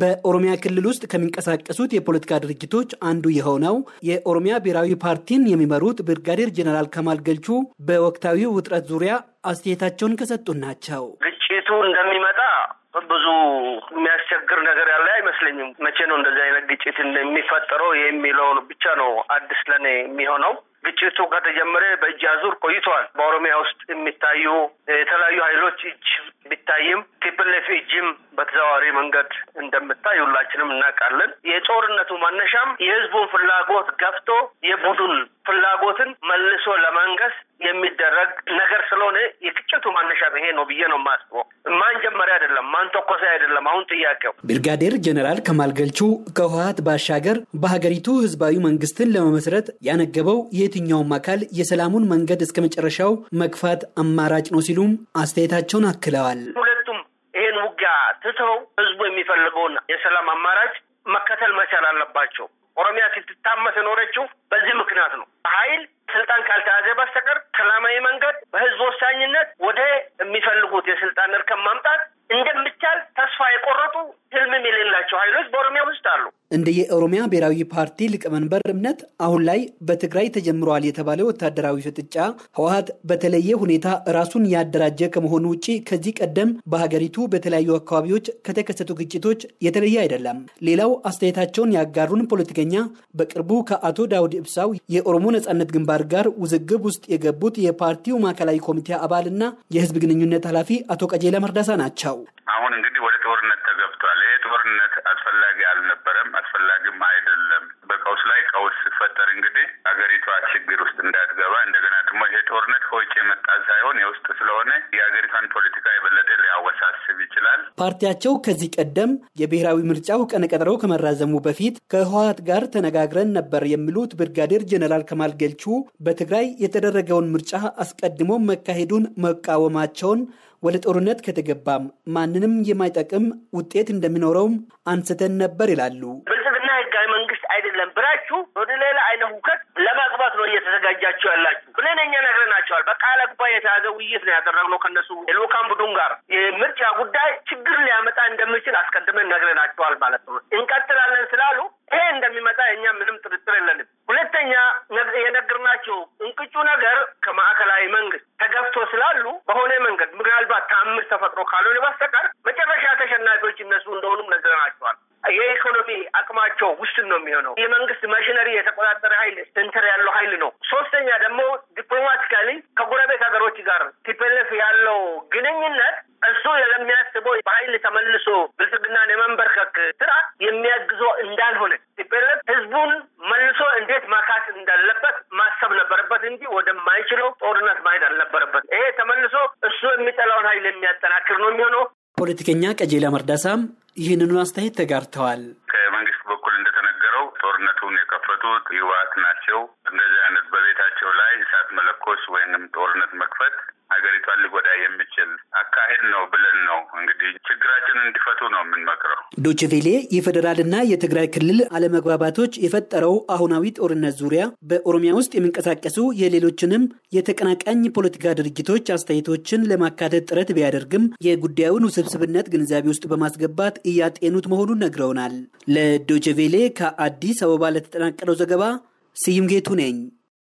በኦሮሚያ ክልል ውስጥ ከሚንቀሳቀሱት የፖለቲካ ድርጅቶች አንዱ የሆነው የኦሮሚያ ብሔራዊ ፓርቲን የሚመሩት ብርጋዴር ጀኔራል ከማል ገልቹ በወቅታዊ ውጥረት ዙሪያ አስተያየታቸውን ከሰጡን ናቸው። ግጭቱ እንደሚመጣ ብዙ የሚያስቸግር ነገር ያለ አይመስለኝም። መቼ ነው እንደዚህ አይነት ግጭት የሚፈጠረው የሚለውን ብቻ ነው አዲስ ለኔ የሚሆነው። ግጭቱ ከተጀመረ በእጅ አዙር ቆይቷል። በኦሮሚያ ውስጥ የሚታዩ የተለያዩ ኃይሎች እጅ ቢታይም ቲፕልፍ እጅም በተዘዋዋሪ መንገድ እንደምታይ ሁላችንም እናውቃለን። የጦርነቱ መነሻም የህዝቡን ፍላጎት ገፍቶ የቡድን ፍላጎትን መልሶ ለማንገስ የሚደረግ ነገር ስለሆነ የግጭቱ ማነሻ ይሄ ነው ብዬ ነው የማስበው። ማን ጀመሪ አይደለም፣ ማን ተኮሰ አይደለም። አሁን ጥያቄው ብርጋዴር ጀኔራል ከማል ገልቹ ከህወሀት ባሻገር በሀገሪቱ ህዝባዊ መንግስትን ለመመስረት ያነገበው የትኛውም አካል የሰላሙን መንገድ እስከ መጨረሻው መግፋት አማራጭ ነው ሲሉም አስተያየታቸውን አክለዋል። ሁለቱም ይሄን ውጊያ ትተው ህዝቡ የሚፈልገውን የሰላም አማራጭ መከተል መቻል አለባቸው። ኦሮሚያ ስትታመስ የኖረችው ኃይሎች በኦሮሚያ ውስጥ አሉ። እንደ የኦሮሚያ ብሔራዊ ፓርቲ ሊቀመንበር እምነት አሁን ላይ በትግራይ ተጀምረዋል የተባለ ወታደራዊ ፍጥጫ ህወሀት በተለየ ሁኔታ ራሱን ያደራጀ ከመሆኑ ውጭ ከዚህ ቀደም በሀገሪቱ በተለያዩ አካባቢዎች ከተከሰቱ ግጭቶች የተለየ አይደለም። ሌላው አስተያየታቸውን ያጋሩን ፖለቲከኛ በቅርቡ ከአቶ ዳውድ እብሳው የኦሮሞ ነጻነት ግንባር ጋር ውዝግብ ውስጥ የገቡት የፓርቲው ማዕከላዊ ኮሚቴ አባል እና የህዝብ ግንኙነት ኃላፊ አቶ ቀጀላ መርዳሳ ናቸው። አሁን እንግዲህ ወደ ጦርነት ተገባ ተከስቷል። ይሄ ጦርነት አስፈላጊ አልነበረም፣ አስፈላጊም አይደለም። በቀውስ ላይ ቀውስ ሲፈጠር እንግዲህ ሀገሪቷ ችግር ውስጥ እንዳትገባ እንደገና ደግሞ ይሄ ጦርነት ከውጭ የመጣ ሳይሆን የውስጥ ስለሆነ የሀገሪቷን ፖለቲካ ፓርቲያቸው ከዚህ ቀደም የብሔራዊ ምርጫው ቀነ ቀጠሮ ከመራዘሙ በፊት ከህወሀት ጋር ተነጋግረን ነበር የሚሉት ብርጋዴር ጀኔራል ከማል ገልቹ በትግራይ የተደረገውን ምርጫ አስቀድሞ መካሄዱን መቃወማቸውን ወደ ጦርነት ከተገባም ማንንም የማይጠቅም ውጤት እንደሚኖረውም አንስተን ነበር ይላሉ። ብልጽግና ህጋዊ መንግስት አይደለም ብላችሁ ወደ ሌላ አይነት ሁከት ለማግባት ነው እየተዘጋጃችሁ ያላችሁ ብለን እኛ ይገባቸዋል። በቃለ ጉባኤ የተያዘ ውይይት ነው ያደረግነው ከነሱ የልኡካን ቡድን ጋር የምርጫ ጉዳይ ችግር ሊያመጣ እንደሚችል አስቀድመን ነግረናቸዋል ማለት ነው። እንቀጥላለን ስላሉ ይሄ እንደሚመጣ የእኛ ምንም ጥርጥር የለንም። ሁለተኛ የነገርናቸው እንቅጩ ነገር ከማዕከላዊ መንግስት ተገፍቶ ስላሉ በሆነ መንገድ ምናልባት ተአምር ተፈጥሮ ካልሆነ በስተቀር መጨረሻ ተሸናፊዎች እነሱ እንደሆኑም ነግረናቸዋል። የኢኮኖ አቅማቸው ውስን ነው የሚሆነው። የመንግስት ማሽነሪ የተቆጣጠረ ሀይል ሴንተር ያለው ሀይል ነው። ሶስተኛ ደግሞ ዲፕሎማቲካሊ ከጎረቤት ሀገሮች ጋር ቲፔልፍ ያለው ግንኙነት እሱ ለሚያስበው በሀይል ተመልሶ ብልጽግናን የመንበርከክ ስራ የሚያግዞ እንዳልሆነ ቲፔልፍ ህዝቡን መልሶ እንዴት ማካስ እንዳለበት ማሰብ ነበረበት እንጂ ወደማይችለው ጦርነት ማሄድ አልነበረበት። ይሄ ተመልሶ እሱ የሚጠላውን ሀይል የሚያጠናክር ነው የሚሆነው። ፖለቲከኛ ቀጀላ መርዳሳም ይህንኑ አስተያየት ተጋርተዋል። ጡት ይዋት ናቸው። መተኮስ ወይንም ጦርነት መክፈት ሀገሪቷን ሊጎዳ የሚችል አካሄድ ነው ብለን ነው እንግዲህ ችግራችንን እንዲፈቱ ነው የምንመክረው። ዶችቬሌ የፌዴራልና የትግራይ ክልል አለመግባባቶች የፈጠረው አሁናዊ ጦርነት ዙሪያ በኦሮሚያ ውስጥ የሚንቀሳቀሱ የሌሎችንም የተቀናቃኝ ፖለቲካ ድርጅቶች አስተያየቶችን ለማካተት ጥረት ቢያደርግም የጉዳዩን ውስብስብነት ግንዛቤ ውስጥ በማስገባት እያጤኑት መሆኑን ነግረውናል። ለዶችቬሌ ከአዲስ አበባ ለተጠናቀረው ዘገባ ስዩም ጌቱ ነኝ።